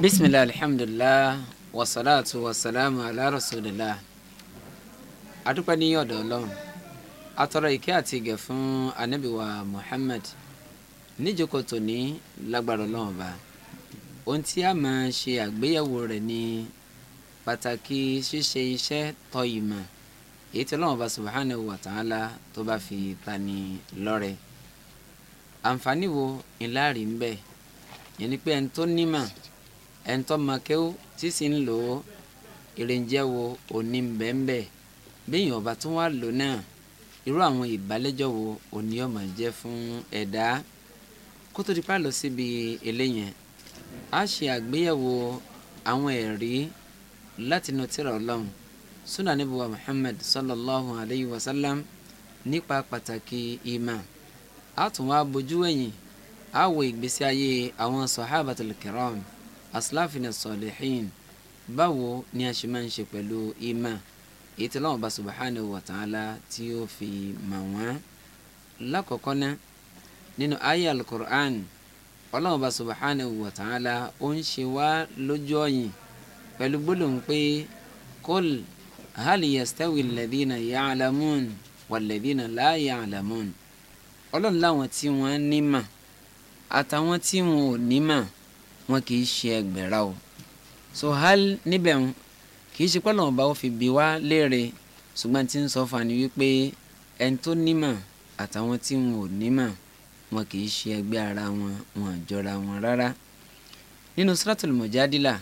bisimilahi alihamdulilah wasalaatu wasalaamu ala rasulillah adúpẹ́ ní ọ̀dọ̀ ọlọ́run atọ́rọ ìkẹ́ àti ìgẹ̀ fún anábìwá muhammad níjókòó tòní lágbára ọlọ́run ọba ohun tí a máa ṣe àgbéyẹ̀wò rẹ̀ ní pàtàkì ṣíṣe iṣẹ́ tọ́ ìmọ̀ èyí tí ọlọ́run ọba subhanahu wa ta'ala tó bá fi tani lọ́rẹ àǹfààní wo ńlá ń bẹ yẹn pé ẹni tó nímọ̀ ẹ̀ńtọ́ mọ̀kẹ́wò tí sì ń lò ó ìrìnjẹ́ wo òní bẹ́ẹ̀nbẹ́ bẹ́yìn ọba tó wà lò náà irú àwọn ìbálẹ́jọ́ wo òní ọmọ jẹ́ fún ẹ̀dá kó tó di lọ síbi eléyẹn a ṣe àgbéyẹ̀wò àwọn ẹ̀rí láti nu tírà ọlọ́run sunan níbuwa Muhammad sallallahu alayhi wa sallam nípa pàtàkì ìmà a tún wá bójú wẹ̀yìn a wo ìgbésí ayé àwọn sahabatul asláfin sọ̀lẹ́hìn báwo ni a ṣe máa ń ṣe pẹ̀lú ìmọ̀ èyí tí Ọlọ́hun bá subhanahu wa ta'ala tí ó fi mọ̀ wọ́n. lákọ̀ọ́kọ́ náà nínú ayé al-Qur'an Ọlọ́hun bá subhanahu wa ta'ala ó ń ṣe wá lójú ọ̀yìn pẹ̀lú gbólóhùn pé kol hali yastawi alladhina ya'lamun walladhina la ya'lamun Ọlọ́hun láwọn tí wọ́n ní mà àtàwọn tí wọn ò ní mà wọn kì í ṣe ẹgbẹ̀ra o so hal níbẹ̀ ń kì í ṣe pọ́lọ́ ọba ó fi bi wá léèrè ṣùgbọ́n tí ń sọ fún ni wípé ẹni tó nímọ̀ àtàwọn tí wọn ò nímọ̀ wọn kì í ṣe ẹgbẹ́ ara wọn wọn jọra wọn rárá nínú suratul mujadila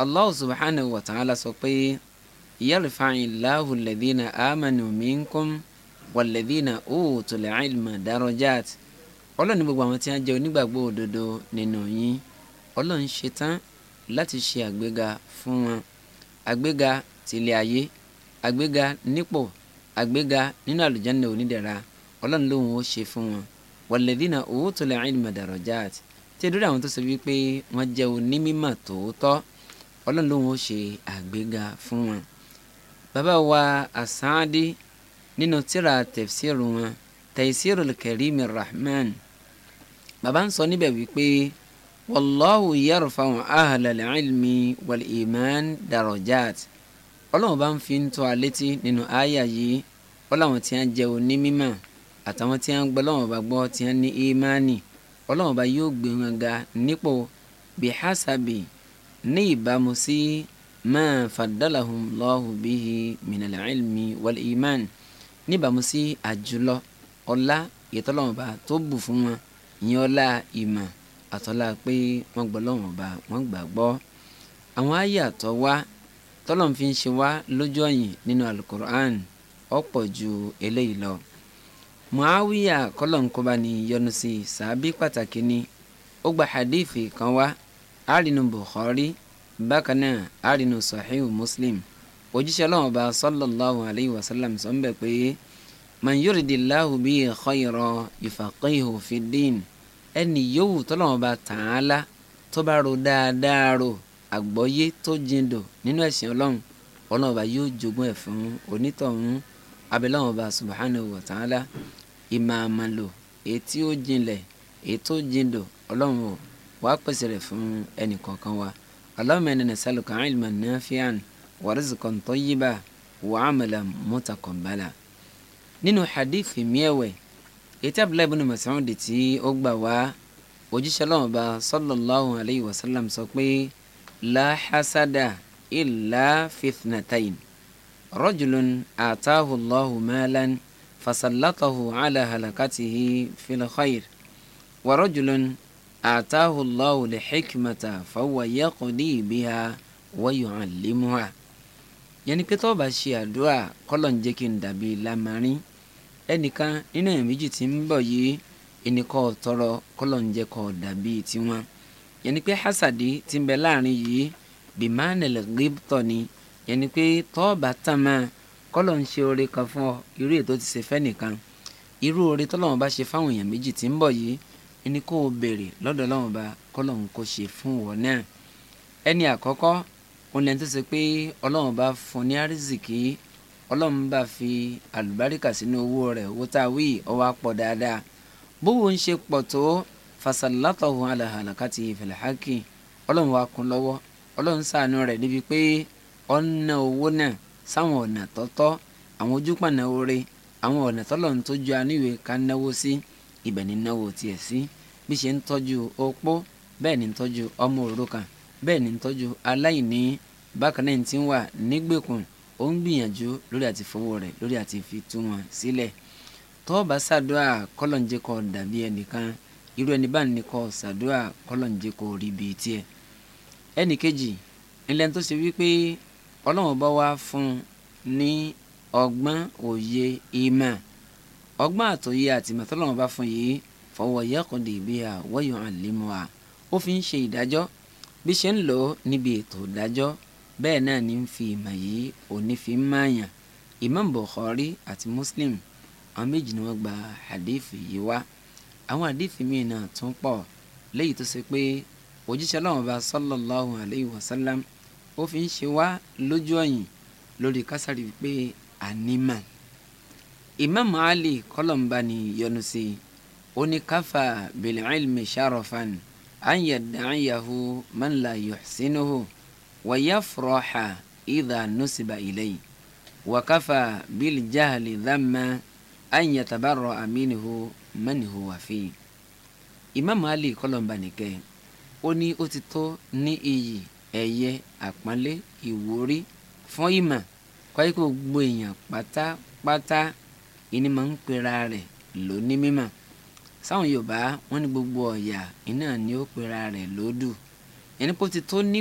allah subhanahu wa ta'ala sọ pé yarfa'illahu alladhina amanu minkum walladhina utul ilma darajat ọlọ́ni gbogbo àwọn tí wọ́n jẹ́ onígbàgbọ́ òdodo nínú yín ọlọ́run ṣe tán láti ṣe àgbéga fún wọn àgbéga tìlẹ̀ ayé àgbéga nípò àgbéga nínú àlùjánnà onídẹ̀ra ọlọ́run lòun ó ṣe fún wọn walladhina utul ilma darajat tí ẹdúrà àwọn tó ṣe wípé wọ́n jẹ́ onímọ̀ tòótọ́ ọlọ́run lòun ó ṣe àgbéga fún wọn. bàbá wa As-Saadi nínú tíra tafsiru wọn Taysirul Karimir Rahman bàbá ń sọ níbẹ̀ wípé wallahu yarfa'u ahlal ilmi wal iman darajat ọlọ́run bá ń fi ń tọ́ alétí nínú àyà yìí ọlọ́run tí wọ́n jẹ́ onímímọ̀ àtàwọn tí wọ́n gbọ́ ọlọ́run bá gbọ́ tí wọ́n ní ìmánì ọlọ́run bá yóò gbé wọn ga nípò bihasabi ní ìbámu sí máa fàdálàhùn lọ́hùn bíhi minal ilmi wal iman níbàámu sí àjùlọ ọlá ìtọ́lọ́run bá tó bù fún wọn ìyẹn ọlá ìmọ̀ àtọ́lá pé wọ́n gbọ́ lọ́wọ́n ọba wọ́n gbàgbọ́ àwọn àyà tó wá tọ́lọ́n fi ń ṣe wá lójú ọ̀yìn nínú alukur'an ọ̀pọ̀ ju eléyìí lọ. muawiya kọ́lọ̀nkọ́ba ni yọ́nú sí sàábí pàtàkì ni ó gba hadithi kan wá àrínú bukhari bákan náà àrínú sahihu muslim òjíṣẹ́ ọlọ́run ọba sallallahu alayhi wa sallam sọ ń bẹ̀ pé man yuridillahu bihi khayra yufaqihu ẹnì yòówù tọ́lọ́wọ́n bá tàn án lá tó bá ro dáadáa ro àgbọ́yé tó jindò nínú ẹ̀sìn ọlọ́run ọlọ́run bá yóò jogún ẹ̀ fún onítọ̀hún abẹ́lẹ́wọ̀n bá subhanahu wa ta'ala ìmọ̀ àmàlò ètí ó jinlẹ̀ ètò jindò ọlọ́run ò wá pèsè rẹ̀ fún ẹnì kọ̀ọ̀kan wa Allahumma inna nas'aluka ilman nafi'an wa rizqan tayyiban wa amalan mutaqabbalan nínú hadith miẹ̀wẹ̀ ètí abdullahi ibn Mas'ud tí ó gbà wá òjíṣẹ́ Ọlọ́run ọba sallallahu alayhi wa sallam sọ pé la hasada illa fitnatain rajulun ataahu allahu maalan fasallatahu ala halakatihi fil khayr wa rajulun ataahu allahu li hikmata fawa yaqdi yẹnni pé bá ṣe àdúrà kọ́lọ̀ ń jẹ́ kí n dàbí lamarin ẹnìkan nínú èèyàn méjì tí ń bọ̀ yìí ẹnìkan ọ̀tọ̀rọ̀ kọ́lọ̀ ń jẹ́ kọ́ dàbí tiwọn yẹn ni pé hasadi ti ń bẹ láàrin yìí bimanel gibtọ̀ ni yẹn ni pé tọ́ọ̀bà tán máa kọ́lọ̀ ń ṣe oore kan fún ọ irú ètò ti ṣe fẹ́nìkan irú oore tọ́lọ́wọ́n bá ṣe fáwọn èèyàn méjì tí ń bọ̀ yìí ẹni kó o béèrè lọ́dọ̀ Ọlọ́run bá kọ́lọ̀ ń kó ṣe fún wọn náà ẹni àkọ́kọ́ òun lẹ́ni tó ṣe pé Ọlọ́run bá fún ní àrísìkí ọlọ́run bá fi àlùbáríkà sínú owó rẹ̀ owó tá a wí ọwọ́ pọ̀ dáadáa bówó ń ṣe pọ̀ tó fasalátọ̀hún alàhàlàkàtì ìfìlàhákì ọlọ́run wa kún lọ́wọ́ ọlọ́run ṣàánú rẹ̀ níbi pé ọ̀nà owó náà sáwọn ọ̀nà tọ́tọ́ àwọn ojúpànà oore àwọn ọ̀nà tọ́lọ́run tó ju aníwèé ká náwó sí ibẹ̀ ní náwó tiẹ̀ sí bí ṣe ń tọ́jú opó bẹ́ẹ̀ ni ń tọ́jú ọmọ òrukàn bẹ́ẹ̀ ni ń tọ́jú aláìní bákan náà ti ń wà nígbèkùn ó ń gbìyànjú lórí àti fowó rẹ̀ lórí àti fi túmọ̀ sílẹ̀ tó bá ṣàdúrà kọ́lọ̀njẹ́ kọ́ dàbí ẹnìkan irú ẹni bá ní kọ́ ṣàdúrà kọ́lọ̀njẹ́ kọ́ rí bíi tiẹ̀ ẹnì kejì ilẹ̀ tó ṣe wípé ọlọ́run bá wá fún ní ọgbọ́n òye ìmọ̀ ọgbọ́n àtòye àti ìmọ̀ tọ́lọ́run bá fún yìí fọwọ́ yẹ́kùndì bí i àwọ̀yọ̀ àlímọ́ à ó fi ń ṣe ìdájọ́ bí ṣe ń lò ó níbi ètò ìdájọ́ bẹ́ẹ̀ náà ní fi ìmọ̀ yìí òní fi ń máyàn Imam Bukhari àti Muslim àwọn méjì ni wọ́n gba àdéfì yìí wá àwọn àdéfì míì náà tún pọ̀ léyìí tó ṣe pé òjíṣẹ́ Ọlọ́run bá sallallahu alayhi wa sallam ó fi ń ṣe wá lójú ọ̀yìn lórí kásárì pé ànímà Imam Ali kọlọmba ni yọ́nú sí ó ní káfà bil ilmi sharafan an yadda'iyahu man la yuhsinuhu wayafraha idha nusiba ilayhi wakafa bil jahli dhamma an yatabarra minhu man huwa fi. Imam Ali kọ́lọ́mbà nìkẹ́ ó ní ó ti tó ní iyì ẹ̀yẹ àpọ́nlé ìwúrí fún ìmọ̀ kọ́yí kó gbogbo èèyàn pátápátá ìní máa ń pera rẹ̀ lóní mímọ̀ sáwọn Yorùbá wọn ní gbogbo ọ̀yà iná ni ó pera rẹ̀ lódù ẹni pé ti tó ní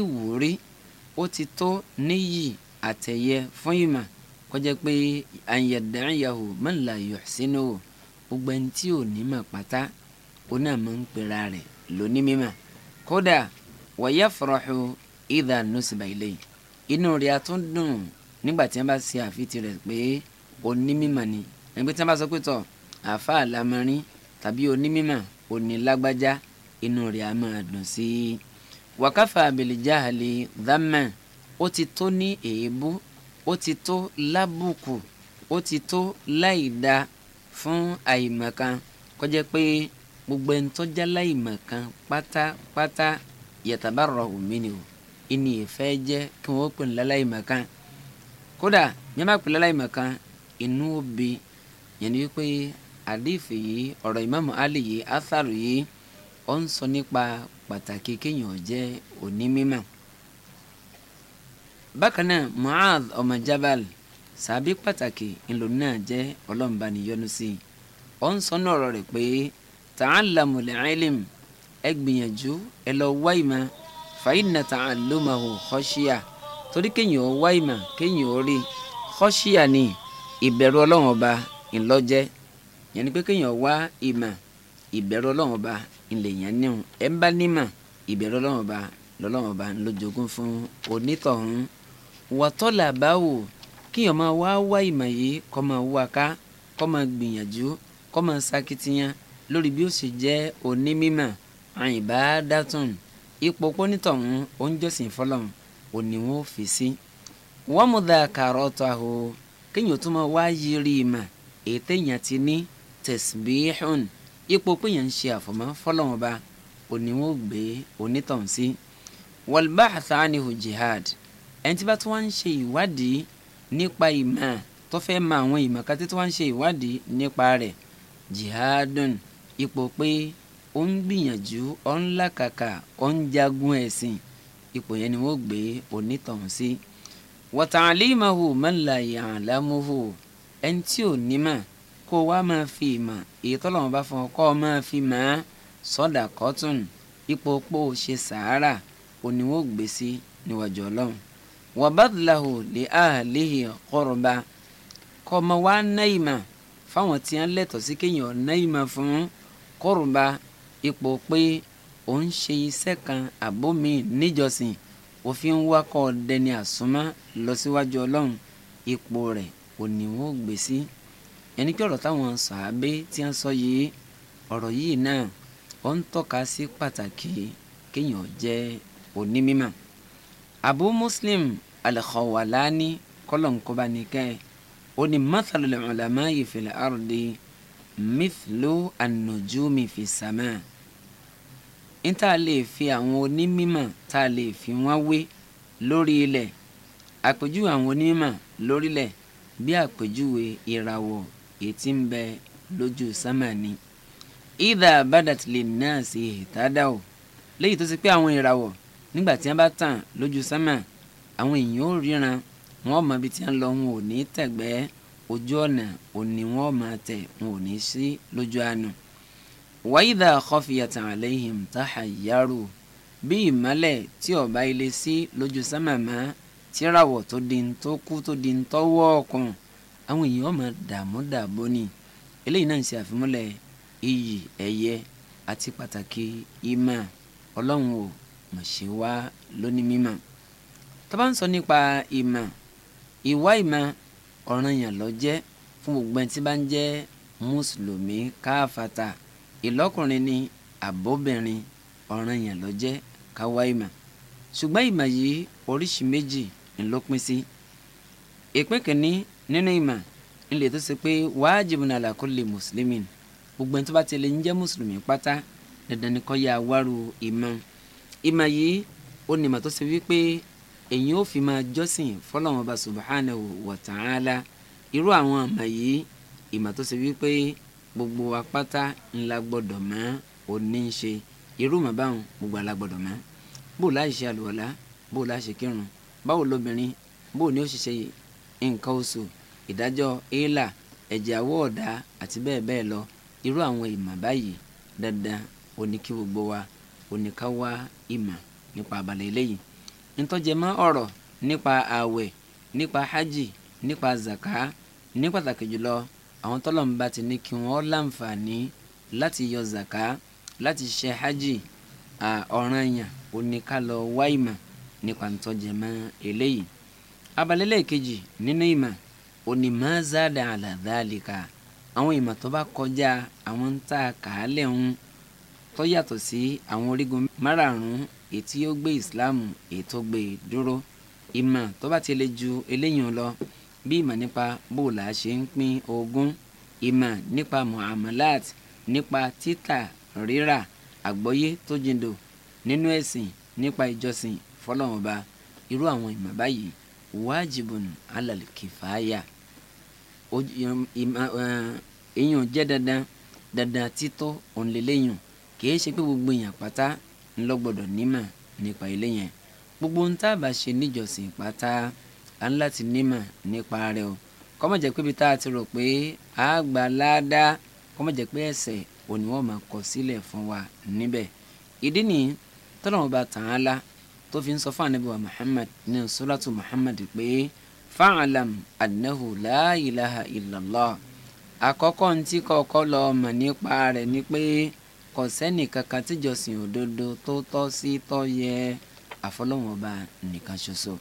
ó ti tó níyì àtẹ̀yẹ fún ìmọ̀ kọjá pé àyẹ̀dẹ̀rìnyàwó mọ́lá yọ̀sínú gbogbo ẹni tí ò ní mọ̀ pátá òun náà máa ń pera rẹ̀ lóní mímọ̀ kódà wọ̀yẹ́ fọ̀rọ̀hù ìdá nùsìbà ilé inú rẹ̀ àtúndùn nígbà tí wọ́n bá ṣe àfitì rẹ̀ pé òní mímọ̀ ni ẹgbẹ́ tí wọ́n bá sọ pé tọ̀ àfa àlámọ́rin tàbí òní mímọ̀ òní lágbájá inú rẹ̀ á máa sí i wàkàfà àbèlèjáàlè dhamma ó ti tó ní èébú ó ti tó lábùkù ó ti tó láìda fún àìmọ̀kan kọjá pé gbogbo ẹni tó já láìmọ̀kan pátápátá yàtàbárọ̀ omi ni o ìní ìfẹ́ jẹ́ kí wọ́n pè ní láìmọ̀kan kódà ní wọ́n bá pè ní láìmọ̀kan inú òbí yẹn ni wípé àdìfì yìí ọ̀rọ̀ Ìmáàmù Alì yìí átharu yìí ó ń sọ nípa pàtàkì kéèyàn jẹ́ onímímọ̀ bákan náà Mu'adh ọmọ Jabal sàbí pàtàkì ńlò náà jẹ́ ọlọ́mbaniyọ́nú sí i ó ń sọ náà ọ̀rọ̀ rẹ̀ pé ta'allamul ilm ẹ gbìyànjú ẹ lọ wá ìmọ̀ fa inna ta'allumahu torí kéèyàn wá ìmọ̀ kéèyàn rí khashya ni ìbẹ̀rù Ọlọ́run ọba ńlọ́jẹ́ yẹn ni pé kéèyàn wá ìmọ̀ ìbẹ̀rù ọlọ́run ọba ńlẹ̀ yẹn níhùn ẹ̀ ń bá nímọ̀ ìbẹ̀rù ọlọ́run ọba lọ́lọ́run ọba ńlójogún fún onítọ̀hún wọ́tọ́là báwò kíyàn máa wá wá ìmọ̀ yìí kọ́ máa wá ká kọ́ máa gbìyànjú kọ́ máa sakitiyan lórí bí ó ṣe jẹ́ onímímọ̀ àyìnbá dátùn ipò pónítọ̀hún oúnjọ́sìn fọlọ́run òní wọn ò fi sí. wọ́n mú da kàrọ́ọ̀tù àhò kíyàn tó máa wá yiri ìmọ̀ ètè èèyàn ti ní tẹ̀síbíhùn ipò péyàn ń ṣe àfọ̀mọ́ fọlọ́wọn ba òní wọn ò gbé onítàn sí wàlúbà àtàánihù jihad ẹni tí bá tí wọ́n ń ṣe ìwádìí nípa ìmọ̀ tó fẹ́ mọ àwọn ìmọ̀ kan tí tí wọ́n ń ṣe ìwádìí nípa rẹ̀ jihadun ipò pé ó ń gbìyànjú ó ń làkàkà ó ń jagun ẹ̀sìn ipò yẹn ni wọ́n gbé onítàn sí wọ́tàlímàhù mọ́lá ìyàn àlámùhù ẹni tí ò ní mọ̀ kó wá máa fi ìmọ̀ èyí tọ́lọ́run bá fún ọ kọ́ ọ máa fi mọ̀ á sọ́dà kọ́tùn ipò pò ṣe sàárà oníwó gbèsè níwájú ọlọ́run wàbàdìláhù lè àhàlẹ́hìn kọ́rọ̀ba kọ́mọ wa náìmà fáwọn tí wọ́n lẹ́tọ̀ọ́ sí kéèyàn náìmà fún kọ́rọ̀ba ipò pé ò ń ṣe iṣẹ́ kan àbómi níjọsìn òfin wakọ̀ dẹni àsúnmọ́ lọ síwájú ọlọ́run ipò rẹ̀ oníwó gbèsè ẹni pé ọ̀rọ̀ táwọn sàábé tí wọ́n sọ yìí ọ̀rọ̀ yìí náà ó ń tọ́ka sí pàtàkì kéèyàn jẹ́ onímímọ̀ Abu Muslim al-Khawalani kọ́lọ̀nkọ́ba nìkẹ́ ó ní mathalul ulama'i fil ardi mithlu an-nujumi fis sama ní tá a lè fi àwọn onímímọ̀ tá a lè fi wọ́n wé lórí ilẹ̀ àpèjúwe àwọn onímọ̀ lórílẹ̀ bí àpèjúwe ìràwọ̀ èyí tí ń bẹ lójú sánmà ni ìdá bàdàtìlẹ̀ náà sì tàdá o léyìí tó ti pé àwọn ìràwọ̀ nígbà tí wọ́n bá tàn lójú sánmà àwọn èèyàn ò ríran wọn ò mọ ibi tí wọ́n lọ wọn ò ní tẹ̀gbẹ́ ojú ọ̀nà òní wọn ò máa tẹ̀ wọn ò ní sí lójú àánú. wáyídà kọfìyàtàn àlẹ́yìn táhà yárò bí ìmọ́lẹ̀ tí ọ̀bá ilé sí lójú sánmà má tíràwọ̀ tó di ń tó kú tó di ń tọ́wọ́ ọkùnrin àwọn èèyàn máa dààmú dààbò ni eléyìí náà ń ṣe àfimúlẹ̀ iyì ẹ̀yẹ àti pàtàkì ìmọ̀ ọlọ́run ò mọ̀ ṣe wá lónìí mímọ̀ tó bá ń sọ nípa ìmọ̀ ìwá ìmọ̀ ọ̀ranyàn ló jẹ́ fún gbogbo ẹni tí bá ń jẹ́ mùsùlùmí káfàtà ìlọ́kùnrin ni àbóbìnrin ọ̀ranyàn ló jẹ́ káwá ìmọ̀ ṣùgbọ́n ìmọ̀ yìí oríṣi méjì ńlọpin sí ìpín kìíní nínú ìmọ̀ nílẹ̀ tó ṣe pé wajibun ala kulli muslimin gbogbo ẹni tó bá tilẹ̀ ń jẹ́ mùsùlùmí pátá dandan ni kó yá awárò ìmọ̀ ìmọ̀ yìí ó ní ìmọ̀ tó ṣe wípé èyí ó fi máa jọ́sìn fọlọ́wọn bá subhanahu wa ta'ala irú àwọn àmọ̀ yìí ìmọ̀ tó ṣe wípé gbogbo wa pátá ńlá gbọ́dọ̀ mọ́ òní ń ṣe irú mọ̀ báwọn gbogbo alágbọ́dọ̀ mọ́ bó láì ṣe àlùwàlá bó láì ṣe kírun báwo lóbìnrin bó ní ó ṣiṣẹ́ nǹkan oṣù ìdájọ́ éèlà ẹ̀jẹ̀ àwọ̀ ọ̀dà àti bẹ́ẹ̀ bẹ́ẹ̀ lọ irú àwọn ìmọ̀ báyìí dandan òní kí gbogbo wa òní ká wá ìmọ̀ nípa abala eléyìí ntọ́jẹmọ́ ọ̀rọ̀ nípa ààwẹ̀ nípa hajj nípa zaka ní pàtàkì jùlọ àwọn tọ́lọ́mù bá ti ní kí wọ́n láǹfààní láti yọ zaka láti ṣe hajj ọ̀ranyàn òní ká lọ wá ìmọ̀ nípa ntọ́jẹmọ́ eléyìí abala eléyìí nínú ìmọ̀ òní máa záda àlàdá àlìkà àwọn ìmọ̀ tó bá kọjá àwọn tá a kà á lẹ̀ ń tó yàtọ̀ sí àwọn orígun márààrún ètí ó gbé ìsìláàmù ètò gbé e dúró ìmọ̀ tó bá ti le ju eléyìí lọ bí ìmọ̀ nípa bóòlà ṣe ń pín ogún ìmọ̀ nípa muamalat nípa títà rírà àgbọ́yé tó jindò nínú ẹ̀sìn nípa ìjọsìn fọlọ́wọ́n ba irú àwọn ìmọ̀ báyìí wájibùn alàlùkìfàáyà èèyàn jẹ́ dandan dandan títọ́ òǹlẹ́lẹ́yìn kìí ṣe pé gbogbo èèyàn pátá ńlọ gbọ́dọ̀ nímọ̀ nípa ilé yẹn gbogbo ohun tá a bá ṣe níjọsìn pátá a ń láti nímọ̀ nípa rẹ̀ o kọ́mọ̀ jẹ́ pé ibi tá a ti rò pé a gbà ládàá kọ́mọ̀ pé ẹ̀ṣẹ̀ òní wọ́n máa kọ sílẹ̀ fún wa níbẹ̀ ìdí nìyí tọ́lọ́mọba tàn án la tó fi ń sọ fún ànábì Muhammad ní sọ́látù Muhammad pé fa'alam annahu la ilaha illallah àkọ́kọ́ ntí kọ́kọ́ lọ mọ̀ nípa rẹ̀ ni pé kò sẹ́ni kankan tíjọsìn òdodo tó tọ́ sí tó yẹ àfọlọ́wọn ọba nìkan ṣoṣo.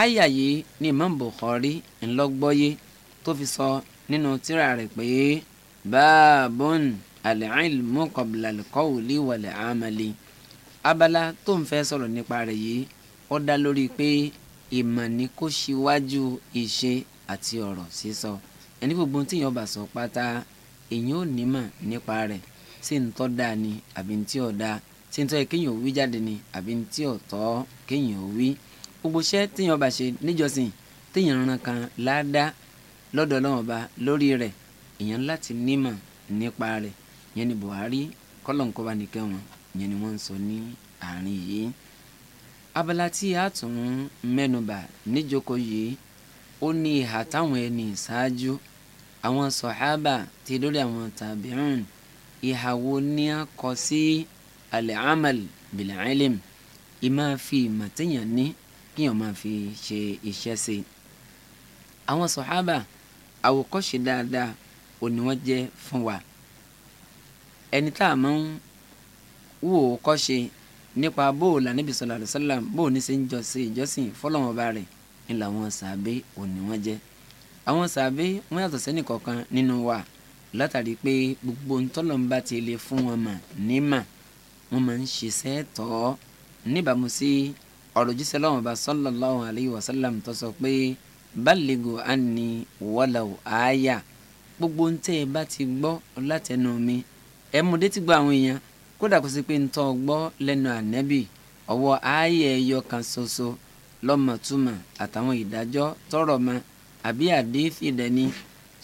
àyà yìí ni Imam Bukhari ńlọgbọ́yé tó fi sọ nínú tírà rẹ̀ pé báàbùn al-ilmu qabla al-qawli abala tó ń fẹ́ sọ̀rọ̀ nípa rẹ̀ yìí ó dá lórí pé ìmọ̀ ni kó ṣíwájú ìṣe àti ọ̀rọ̀ sísọ ẹni gbogbo tí èèyàn bá sọ pátá èèyàn ò nímọ̀ nípa rẹ̀ ṣé ń tọ́ dáa ni àbí ń tí ò dáa ṣé ń tọ́ yẹ kéèyàn wí jáde ni àbí ń tí ò tọ́ kéèyàn wí gbogbo iṣẹ́ téèyàn bá ṣe níjọsìn téèyàn ran kan láàdá lọ́dọ̀ Ọlọ́run Ọba lórí rẹ̀ èèyàn láti nímọ̀ nípa rẹ̀ ìyẹn ni Buhari kọ́lọ̀ ń kọ́ bá nìkẹ́ wọn ìyẹn ni wọ́n ń sọ ní àárín yìí abala tí a tún mẹ́nubà níjókòó yìí ó ní ìhà táwọn ẹni ìṣáájú àwọn sọ̀hábà ti lórí àwọn tàbíùn ìhà wo ni a kọ sí al-amal bil-ilm ìmáa fi ìmọ̀ téèyàn ní kíyàn máa fi ṣe iṣẹ́ sí i. àwọn sọ̀hábà àwòkọ́ṣe dáadáa ò ní wọ́n jẹ́ fún wa ẹni tá a máa ń wò ó kọ́ṣe nípa bóò là níbi sallallahu alaihi wasallam bóò ní ṣe ń jọ ṣe ìjọsìn fọlọ́wọn ọba rẹ̀ ń làwọn sàbẹ́ òní wọn jẹ́ àwọn sàbẹ́ wọn yàtọ̀ sẹ́nì kọ̀ọ̀kan nínú wa látàrí pé gbogbo ntọ́lọ́mbà ti lè fún wọn mà nímà wọn máa ń ṣiṣẹ́ tọ́ níbàámu sí ọ̀rọ̀ jíṣẹ́ lọ́wọ́n ọba sallallahu alaihi wasallam tó sọ pé ballighu anni walau aya gbogbo ntẹ́ ẹ bá ti gbọ́ látẹnu mi ẹ mú dé ti gbọ́ àwọn èèyàn kódà kó sí pé ntọ́ gbọ́ lẹ́nu ànẹ́bì ọwọ́ ààyè ẹyọ kan ṣoṣo lọ́mọ̀túmọ̀ àtàwọn ìdájọ́ tọrọ mọ àbí àdéfìdẹ́ni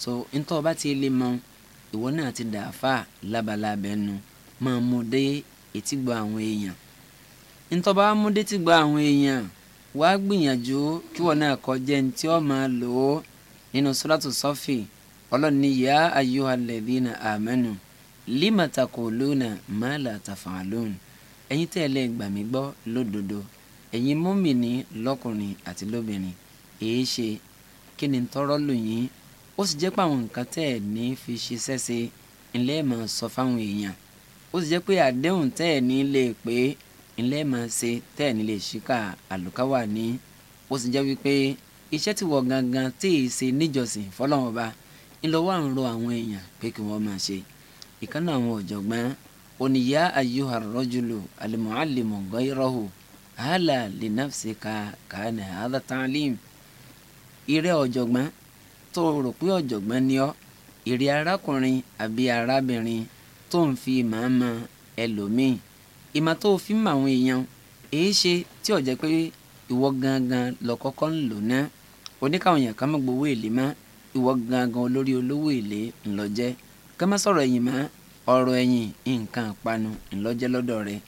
so ntọ́ bá ti lè mọ ìwọ náà ti dà fà lábalábẹ́ nu máa mú dé etí gbọ́ àwọn èèyàn ntọ́ bá mú dé tí gbọ́ àwọn èèyàn wá gbìyànjú kí wọn náà kọjá ẹni tí ó máa lò ó nínú suratu ọlọ́ni yá ayyuhalladhina amanu lima taquluna ma la taf'alun ẹ̀yin tẹ́ ẹ lè gbà mí gbọ́ lódodo ẹ̀yin mùmínì lọ́kùnrin àti lóbìnrin èé ṣe kí ni tọ́rọ́ lù yín ó sì jẹ́ pé àwọn nǹkan tẹ́ ẹ ní fi ṣiṣẹ́ ṣe ńlẹ́ máa sọ fáwọn èèyàn ó sì jẹ́ pé àdéhùn tẹ́ ẹ ní lè pé ńlẹ́ máa ṣe tẹ́ ẹ ní lè ṣíkà àlùkáwà ní ó sì jẹ́ wípé iṣẹ́ ti wọ̀ gangan tí ì ṣe níjọsìn fọlọ́wọ́n ba ńlọ́wọ́ à àwọn èèyàn pé kí wọ́n máa ṣe ìkànnì àwọn ọ̀jọ̀gbọ́n oníyá ayuha rọ́júlù alimuhalimu gọ́yìrọ́hù hàlà linafsi ka kàánì hàdà tàlím. ìrẹ́ ọ̀jọ̀gbọ́n tó rò pé ọ̀jọ̀gbọ́n ni ọ́ ìrẹ́ arákùnrin àbí arábìnrin tó ń fi màmá ẹlòmíì ìmọ̀ tó fi mọ àwọn èèyàn èyí ṣe tí ò pé ìwọ gangan lọ ń lò ná oníkàwọn èèyàn kan mọ̀ gbowó èlé mọ́ ìwọ gangan olórí olówó èlé ńlọ jẹ́ kama má sọ̀rọ̀ ẹ̀yìn mọ́ ọ̀rọ̀ ẹ̀yìn nǹkan ìpanu ńlọ́jẹ́ lọ́dọ̀ rẹ̀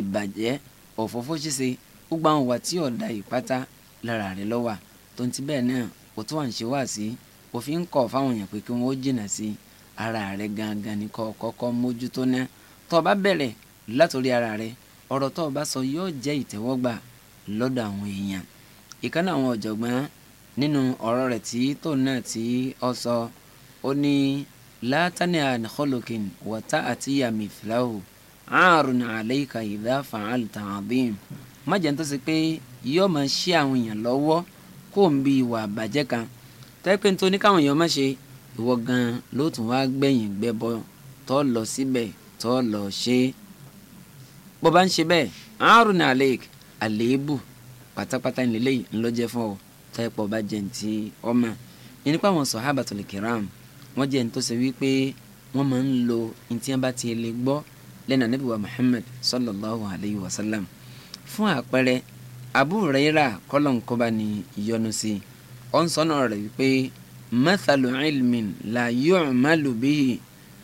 ìbàjẹ́ òfófó ṣíṣe ó gba àwọn wà tí ọ̀dà ìpátá lára rẹ̀ lọ́wà tó ń ti bẹ́ẹ̀ náà ó tún wà ń ṣe wá sí òfin ń kọ̀ fáwọn èèyàn pé kí wọ́n ó jìnnà sí ara rẹ̀ gangan ní kọ́ kọ́kọ́ mójútó ná tó o bá bẹ̀rẹ̀ látòrí ara rẹ̀ ọ̀rọ̀ tó o bá sọ yóò jẹ́ ìtẹ́wọ́gbà lọ́dọ̀ àwọn èèyàn ìkànnì àwọn ọ̀jọ̀gbọ́n nínú ọ̀rọ̀ rẹ̀ tí tóun náà tí ọ sọ ó ní látàní àdìkọlùkìn wọ́tá àti yamifláwò ààrùn àlẹ́kà ìdá fàáàlì tààdín májẹ̀ tó ṣe pé yóò máa ṣí àwọn èèyàn lọ́wọ́ kó ń bi ìwà àbàjẹ́ kan tẹ́pẹ́ tó ní káwọn èèyàn má ṣe ìwọ gan ló tún wá gbẹ̀yìn gbẹ́bọ tó lọ síbẹ̀ tó lọ ṣe é bó bá ń ṣe bẹ́ẹ̀ ààrùn àlẹ́kà àléébù pátápátá nílé ńlọ́jẹ́ fún ọ tẹ́pọ̀ bá jẹ́ ti ọmọ yẹn àwọn sọ̀hábàtò lè kíram wọ́n jẹ́ ní tó ṣe wípé wọ́n máa ń lo ntí wọ́n bá ti lè gbọ́ lẹ́nu anabi wa Muhammad sallallahu alayhi wa sallam fún àpẹẹrẹ Abu Huraira kọ́lọ̀nkọ́ba ni ìyọnu sí ọ̀n sọ́nà rẹ̀ wípé mathalu ilmin la yu'malu bihi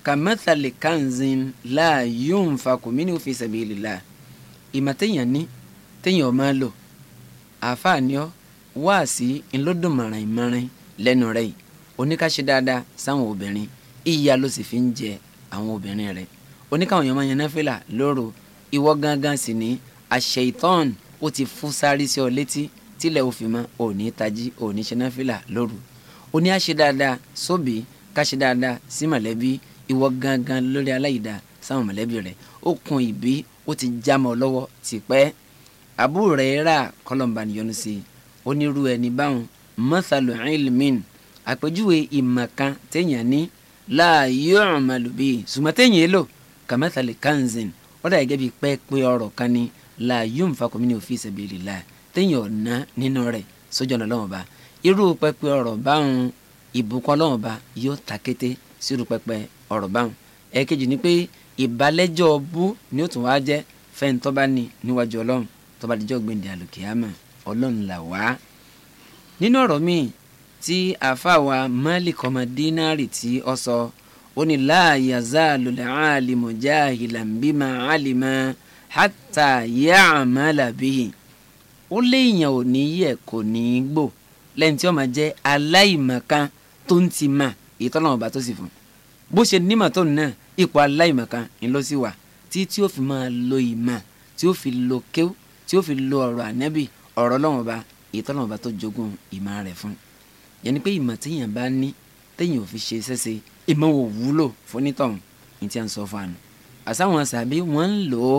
ka mathali kanzin la yunfaku minhu fi sabilillah ìmọ̀ téèyàn ní téèyàn máa lò àfààní ọ wáàsí ńlọdọ̀mọ̀ràn ìmọ̀ràn lẹ́nu rẹ̀ yìí oníkàṣe dáadáa sáwọn obìnrin ìyà ló sì fi ń jẹ àwọn obìnrin rẹ̀ oníkàwọn èèyàn máa yan náfìlà lóru ìwọ gangan sì ní àṣẹ ìtọ́n ó ti fún sáré sí ọ létí tílẹ̀ òfin mọ́ òní tají òní ṣe náfìlà lóru oní àṣe dáadáa sóbì káṣe dáadáa sí mọ̀lẹ́bí ìwọ gangan lórí aláìda sáwọn mọ̀lẹ́bí rẹ̀ okùn ìbí ó ti já mọ́ lọ́wọ́ tipẹ́ àbúrò rẹ̀ rà kọ́lọ̀mbà níyọnu sí onírú ẹni báwọn mọ́sálù ilmin àpèjúwe ìmọ̀ kan téèyàn ní láàyè ọ̀ràn màlúbí ṣùgbọ́n téèyàn èlò kàmẹ́tàlì kanzin ó dà gẹ́gẹ́ bíi pẹ́ẹ́pẹ́ ọ̀rọ̀ kan ní láàyè òǹfàkùnmí ní òfin ìṣẹ̀bìrì là téèyàn ọ̀nà nínú rẹ̀ sójú ọ̀nà lọ́wọ́ bá irú pẹ́ẹ́pẹ́ ọ̀rọ̀ báwọn ìbùkún lọ́wọ́ bá ni pé ìbálẹ́jọ́ bú ni ó tún wá jẹ́ fẹ́ni tọ́ba ni níwájú ọlọ́run tọ́ba díjọ́ gbẹ̀ndẹ̀ àlùkìyàmà ọlọ́run là wá nínú ọ̀rọ̀ míì tí àfàwà Malik ọmọ dínárì tí ọ sọ ó ní láàyè azáàlù làálìmọ̀ jahilan bima alima hatta ya'mala bihi ó léèyàn ò ní yẹ kò ní í gbò lẹ́yìn tí ó máa jẹ́ aláìmọ̀kan tó ń ti mà ìtọ́nà ọba tó sì fún bó ṣe nímọ̀ tó náà ipò aláìmọ̀kan ni ló sì wà tí tí ó fi máa lo ìmọ̀ tí ó fi lo kéw tí ó fi lo ọ̀rọ̀ ànẹ́bì ọ̀rọ̀ ọlọ́wọ̀n ọba ìtọ́nà ọba tó jogún ìmọ̀ rẹ̀ fún un yẹn ni pé ìmọ̀ téèyàn bá ní téèyàn ò fi ṣe ṣẹ́ṣe ìmọ̀ ò wúlò fónítọ̀hún ní tí a ń sọ fún àná àsáwọn àṣàbí wọ́n ń lò ó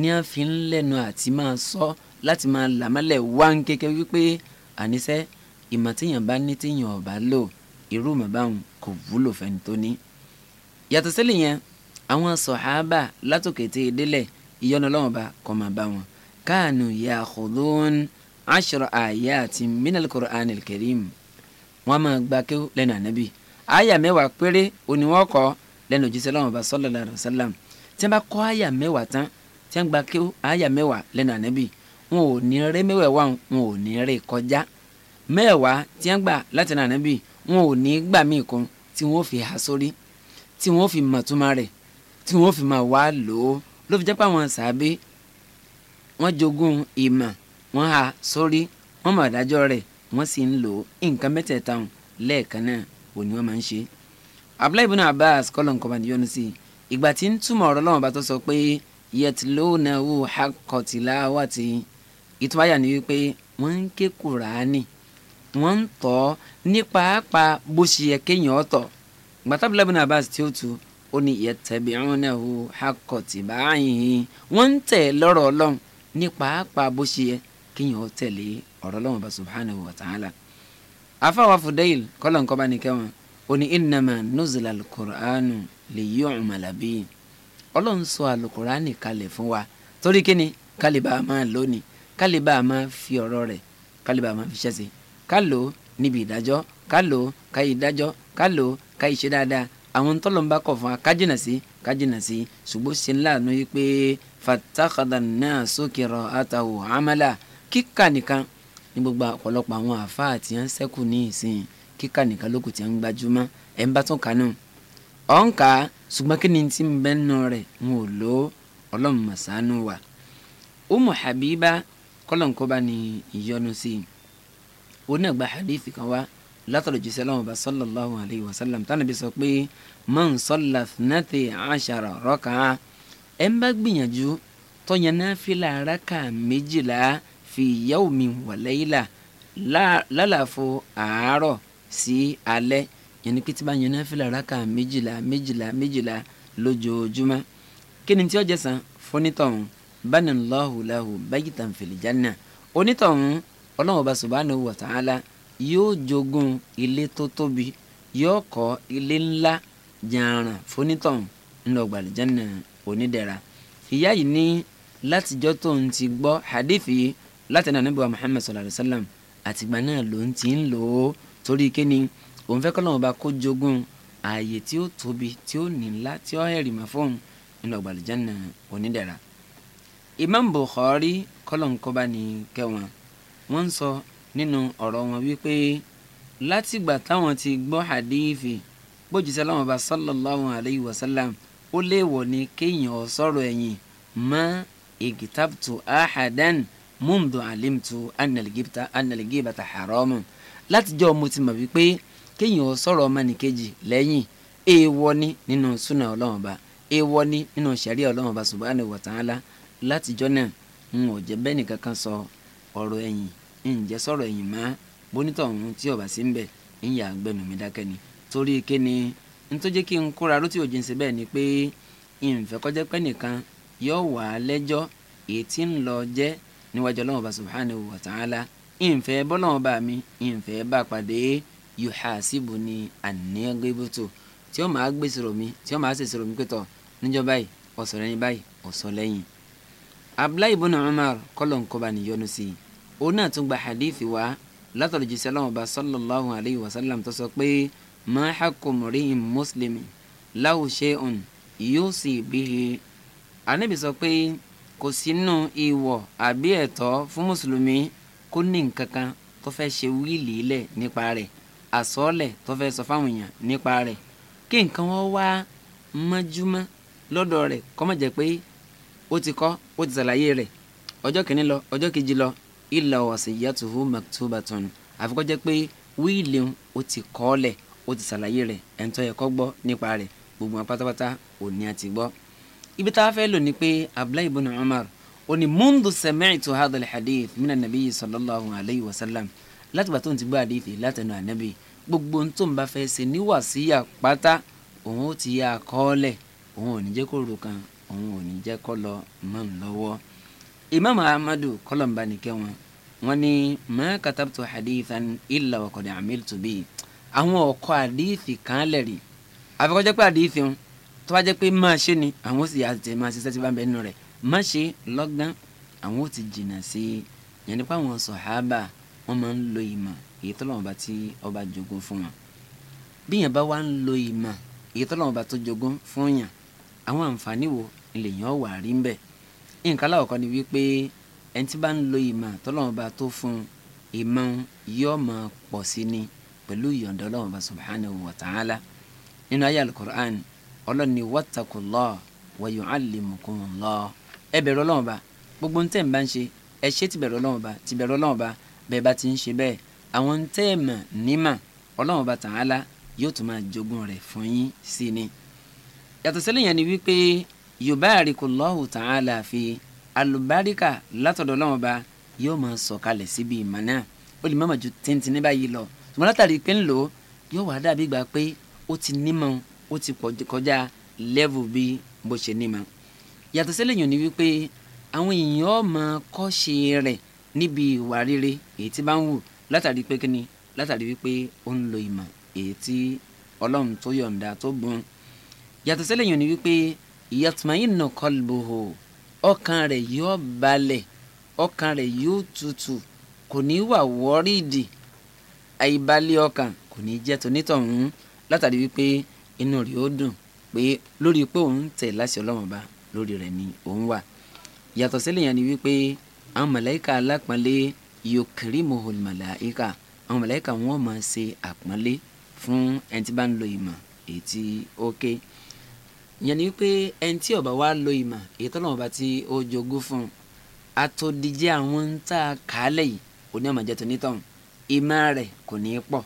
ní a fi ń lẹ́nu àti máa sọ láti máa làmọ́lẹ̀ wá ń kéke wípé àníṣe ìmọ̀ téèyàn bá ní téèyàn ò bá lò irú ìmọ̀ báwọn kò wúlò fẹ́ni tó ní. yàtọ̀ sílẹ̀ yẹn àwọn sọ̀hábà látòkè tí ìdílẹ̀ ìyọ́nà ọlọ́run bá kọ́ máa bá wọn káànù ya'khudun ashra ayati minal Qur'anil Karim wọ́n máa gba kéwú lẹ́nu ànábì àyà mẹ́wàá péré òní wọ́n kọ́ lẹ́nu òjíṣẹ́ lọ́wọ́ bá sallallahu alaihi wasallam tí wọ́n bá kọ́ àyà mẹ́wàá tán tí wọ́n gba kéwú àyà mẹ́wàá lẹ́nu ànábì wọn ò ní rẹ́ mẹ́wàá wà wọn ò ní rẹ́ kọjá mẹ́wàá tí wọ́n gbà láti nà ànábì wọn ò ní gbà míì kan tí wọ́n fi há sórí tí wọ́n fi mọ̀ túmọ̀ rẹ̀ tí wọ́n fi mọ̀ wá lò ó ló fi jẹ́ pé àwọn sàábé jogún ìmọ̀ wọ́n há sórí wọ́n mọ̀ dájọ́ rẹ̀ wọ́n sì ń lò nǹkan mẹ́tẹ̀ẹ̀ta hàn lẹ́ẹ̀kan náà òní wọ́n máa ń ṣe. Abdullahi ibn Abbas kọ́lọ̀ nǹkan bá níyọ́nù sí i ìgbà tí ń túmọ̀ ọ̀rọ̀ lọ́wọ́ bá tó sọ pé yatlūnahu ḥaqqa tilāwatihi ìtumọ̀ yà ni wípé wọ́n ń ké Kùránì wọ́n ń tọ́ ní pàápàá bó ṣe yẹ kéèyàn ọ̀tọ̀ gbàtà Abdullahi ibn Abbas tí ó tu ó ní yattabi'ūnahu ḥaqqa ittibā'ihi wọ́n ń tẹ̀ lọ́rọ̀ Ọlọ́run ní pàápàá bó ṣe yẹ kéèyàn ó ọ̀rọ̀ lọ́wọ́ bá subhanahu wa ta'ala afáwa Fudail kọ́lọ̀ nǹkan bá ní kẹ́wọ̀n ó ní innama nuzila alukur'anu liyu'mala bihi ọlọ́run sọ alukur'ani kalẹ̀ fún wa torí kíni kálíbà máa lónìí kálíbà máa fi ọ̀rọ̀ rẹ̀ kálíbà máa fi ṣẹ́sẹ̀ kálò níbi ìdájọ́ kálò káyì ìdájọ́ kálò káyì ṣe dáadáa àwọn tọ́lọ́mbà kọ̀ fún wa kájìnà sí kájìnà sí ṣùgbọ́n ṣe ńlá àánú yìí pé fatakada sókè rọ àtàwọ̀ amala kíkà nìkan ní gbogbo ọ̀pọ̀lọpọ̀ àwọn àáfàá tí wọ́n ṣẹ́kù ní ìsìn kíkà nìkan lókù tí wọ́n ń gbajúmọ́ ẹ̀ ń bá tún kánú. ọ̀ ń kà á ṣùgbọ́n kí ni ti ń bẹ́ nù rẹ̀ ń ò lò ọlọ́run mọ̀sánú wa. Umu Habiba kọ́lọ̀nkọ́ba ni ìyọnu sí i. òun náà gba hadith kan wá látọ̀rọ̀ jíṣẹ́ lọ́wọ́n bá sallallahu alayhi wa sallam tánàbí sọ pé man salla thnati ashara raka'a ẹ̀ ń bá gbìyànjú tọ́yẹn náà fi làárà fi yawmin wa layla lálàfo àárọ̀ sí alẹ́ yẹn ni pé tí bá yan náfìlà rákà méjìlá méjìlá méjìlá lójoojúmọ́ kí ni tí ó jẹ́ san fúnitọ̀hún banallahu lahu baytan fil janna onítọ̀hún ọlọ́run ọba subhanahu wa ta'ala yóò jogún ilé tó tóbi yóò kọ́ ilé ńlá jàǹràn fúnitọ̀hún ńlọgbà àlìjánà onídẹ̀ra ìyá yìí ní látijọ́ tó ń ti gbọ́ hadith yìí látẹnu anábìwá Muhammad sallallahu alayhi wa sallam àtìgbà náà ló ń ti ń lò ó torí kíni òun fẹ́ kọ́lọ́wọ́n bá kó jogún ààyè tí ó tóbi tí ó ní ńlá tí ó hẹ̀rì mọ́ fóun nínú ọgbà àlùjánnà onídẹ̀ra Imam Bukhari kọ́lọ́nkọ́ba ní kẹwọn wọ́n ń sọ nínú ọ̀rọ̀ wọn wípé látìgbà táwọn ti gbọ́ hadithi bójútẹ́ láwọn bá sallallahu alayhi wa sallam ó léèwọ̀ ni kéèyàn sọ̀rọ̀ ẹ̀yìn mọ́ ìgìtàbùtù ahadan mundu alimtu analigibata haramu látijọ́ mo ti mọ̀ wípé kéèyàn sọ̀rọ̀ ọmọnìkejì lẹ́yìn èèwọ̀ ni nínú súnà ọlọ́run ọba èèwọ̀ ni nínú ṣẹ̀ríà ọlọ́run ọba subhanahu wa ta'ala látijọ́ náà n ò jẹ́ bẹ́ẹ̀ nìkan kan sọ ọ̀rọ̀ ẹ̀yìn ǹjẹ́ sọ̀rọ̀ ẹ̀yìn mọ́ bonítọ̀ ọ̀hún tí ọba sí ń bẹ̀ ń yà gbẹnu mi dákẹ́ ni torí kíni n tó jẹ́ kí n kóra ló tí òjì ṣe bẹ́ẹ̀ ni pé ìǹfẹ́ níwájú ọlọ́wọ́n bá subhanahu wa ta'ala ìǹfẹ́ bọ́lọ́wọ́n bá mi ìǹfẹ́ bá pàdé yuhasibu ni àníyàngbébùtò tí ó máa gbèsè rò mí tí ó máa sèsè rò mí pé tọ̀ níjọ́ báyìí ọ̀sọ̀ lẹ́yìn báyìí ọ̀sọ̀ lẹ́yìn. Abdullahi ibn Umar kọ́lọ̀ ń kọ́ba níyọnu sí i òun náà tún gba hadithi wá látọ̀rọ̀ jíṣẹ́ lọ́wọ́ bá sallallahu alayhi wa sallam tó sọ pé ma haqqu kò sínú ìwọ̀ àbí ẹ̀tọ́ fún mùsùlùmí kó ní nǹkan kan tó fẹ́ ṣe wíìlì lẹ̀ nípa rẹ̀ àsọ́ọ̀lẹ̀ tó fẹ́ sọ fáwọn èèyàn nípa rẹ̀ kí nǹkan wọn wá mọ́júmọ́ lọ́dọ̀ rẹ̀ kó má jẹ́ pé ó ti kọ́ ó ti ṣàlàyé rẹ̀ ọjọ́ kìíní lọ ọjọ́ kejì lọ illa wasiyatuhu maktubatun àfikọ́ jẹ́ pé wíìlì ó ti kọ́ ọ́ ó ti ṣàlàyé rẹ̀ ẹ̀ńtọ́ yẹ kó gbọ́ nípa rẹ̀ gbogbo wọn òní àti gbọ́ ibi tá a fẹ́ lò ní pé abdullahi ibn umar ó ní mundu sami'tu hadha al-hadith mina nabiyyi sallallahu alayhi wa sallam láti gbà tó ń ti gbọ́ àdìsí látẹnu ànábì gbogbo ohun tó ń bá fẹ́ ṣe níwà sí àpáta òun ó ti yá àkọọ́lẹ̀ òun ò ní jẹ́ kó ro kan òun ò ní jẹ́ kó lọ mọ́ ń lọ́wọ́. imam ahmadu kọlọmba nìkẹ́ wọn wọn ni ma katabtu hadithan illa wa amiltu bi àwọn ọ̀kọ́ àdìsí kan lẹ̀ àfikọ́jọ́ pé àdìsí wọn tó bá jẹ́ pé máa ṣe ni àwọn ó sì àti máa ṣiṣẹ́ tí bá ń bẹ nínú rẹ̀ má ṣe lọ́gán àwọn ó ti jìnnà sí i yẹn nípa àwọn sọ̀hábà wọ́n máa ń lo ìmọ̀ èyí tọ́lọ́wọ́n bá tí ọba jogún fún wọn bí yẹn bá wá ń lo ìmọ̀ èyí tọ́lọ́wọ́n bá tó jogún fún yàn àwọn àǹfààní wo lèyàn wà rí ń bẹ̀ nǹkan láwọ̀kọ́ ni wípé ẹni tí bá ń lo ìmọ̀ tọ́lọ́wọ́n bá tó fún ìmọ̀ yóò máa pọ̀ sí ni pẹ̀lú ìyọ̀ǹda Ọlọ́run subhanahu wa ta'ala nínú ayé al-Qur'an ọlọ́ni wattaqullah wa yu'allimukumullah ẹ bẹ̀rù Ọlọ́run ba gbogbo ntẹ́ ń bá ń ṣe ẹ ṣe ti bẹ̀rù Ọlọ́run ba ti bẹ̀rù Ọlọ́run ba bẹ́ẹ̀ bá ti ń ṣe bẹ́ẹ̀ àwọn ntẹ́ mọ̀ nímà Ọlọ́run ba Ta'ala yóò tún máa jogún rẹ̀ fún yín sí ni. yàtọ̀ sílẹ̀ yẹn ni wípé yubarikullahu Ta'ala fi alùbáríkà látọ̀dọ̀ Ọlọ́run ba yóò máa sọ̀kalẹ̀ síbi ìmọ̀ náà ó lè má máa ju tẹ́ntẹ́n ní báyìí lọ ṣùgbọ́n ó ti kọjá lẹ́vù bí bó ṣe ní ma yàtọ̀ sẹ́lẹ̀yàn ni wípé àwọn èèyàn ọmọ kọ́ṣe rẹ̀ níbi ìwà rere èyí tí bá ń wù látàrí pé kíni látàrí wípé ó ń lo ìmọ̀ èyí tí ọlọ́run tó yọ̀ǹda tó bùn yàtọ̀ sẹ́lẹ̀yàn ni wípé yatmainu qalbuhu ọkàn rẹ̀ yóò balẹ̀ ọkàn rẹ̀ yóò tutù kò ní wà wọ́rìdì àìbalẹ̀ ọkàn kò ní jẹ́ tonítọ̀hún látàrí wípé inú rẹ̀ ó dùn pé lórí pé òun tẹ̀ láṣẹ ọlọ́run bá lórí rẹ̀ ni òun wà yàtọ̀ sílẹ̀ yẹn ni wípé àwọn màláíkà alápọ̀nlé yukrimuhul màláíkà àwọn màláíkà wọn máa ṣe àpọ́nlé fún ẹni tí bá ń lo ìmọ̀ èyí tí ó ké yẹn ni wípé ẹni tí ó bá lo ìmọ̀ èyí tọ́lọ́run bá ti ó jogún fún un àwọn ń tà kálẹ̀ yìí oní ọmọ jẹ́ tonítọ̀hún ìmọ̀ rẹ̀ kò ní í pọ̀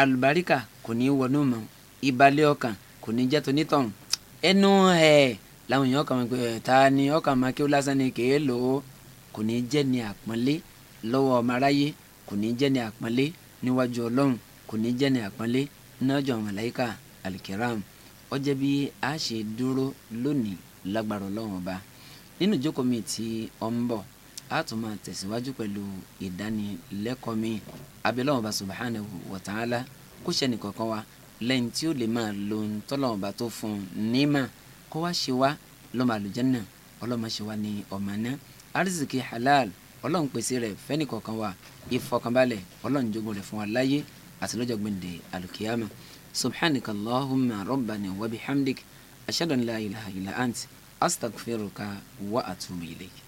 àlùbáríkà kò ní í wọnú mọ́ ìbalẹ̀ ọkàn kò ní jẹ́ tonítọ̀hún ẹnu ẹ̀ làwọn èèyàn ọkàn pé ta ni ọkàn máa kí ó lásán ni kèé lò ó kò ní jẹ́ ni àpọ́nlé lọ́wọ́ ọmọ aráyé kò ní jẹ́ ni àpọ́nlé níwájú ọlọ́run kò ní jẹ́ ni àpọ́nlé níwájú màláíkà alikiram ó jẹ́ bí a ṣe dúró lónìí lágbára ọlọ́run ọba nínú ìjókòó mi tí ó ń bọ̀ a tún máa tẹ̀síwájú pẹ̀lú ìdánilẹ́kọ̀ọ́ mi abẹ́lẹ́ ọba subhanahu wa kó ṣe nìkankan wa lẹ́yìn tí ó lè máa lo ntọ́lọ́wọ́n bá tó fún un níma kó wá ṣe wá lọ́mọ àlùjànnà ọlọ́mọ ṣe wá ní ọmọ náà arzikì halal ọlọ́run pèsè rẹ̀ fẹ́ni kọ̀ọ̀kan wa ìfọkànbalẹ̀ ọlọ́run jogun rẹ̀ fún wa láyé àti lọ́jọ́ gbẹ̀ǹde alùkìyàmà subhanaka allahumma rabbani wa bihamdik ashhadu an la ilaha illa ant astaghfiruka wa atubu ilayk.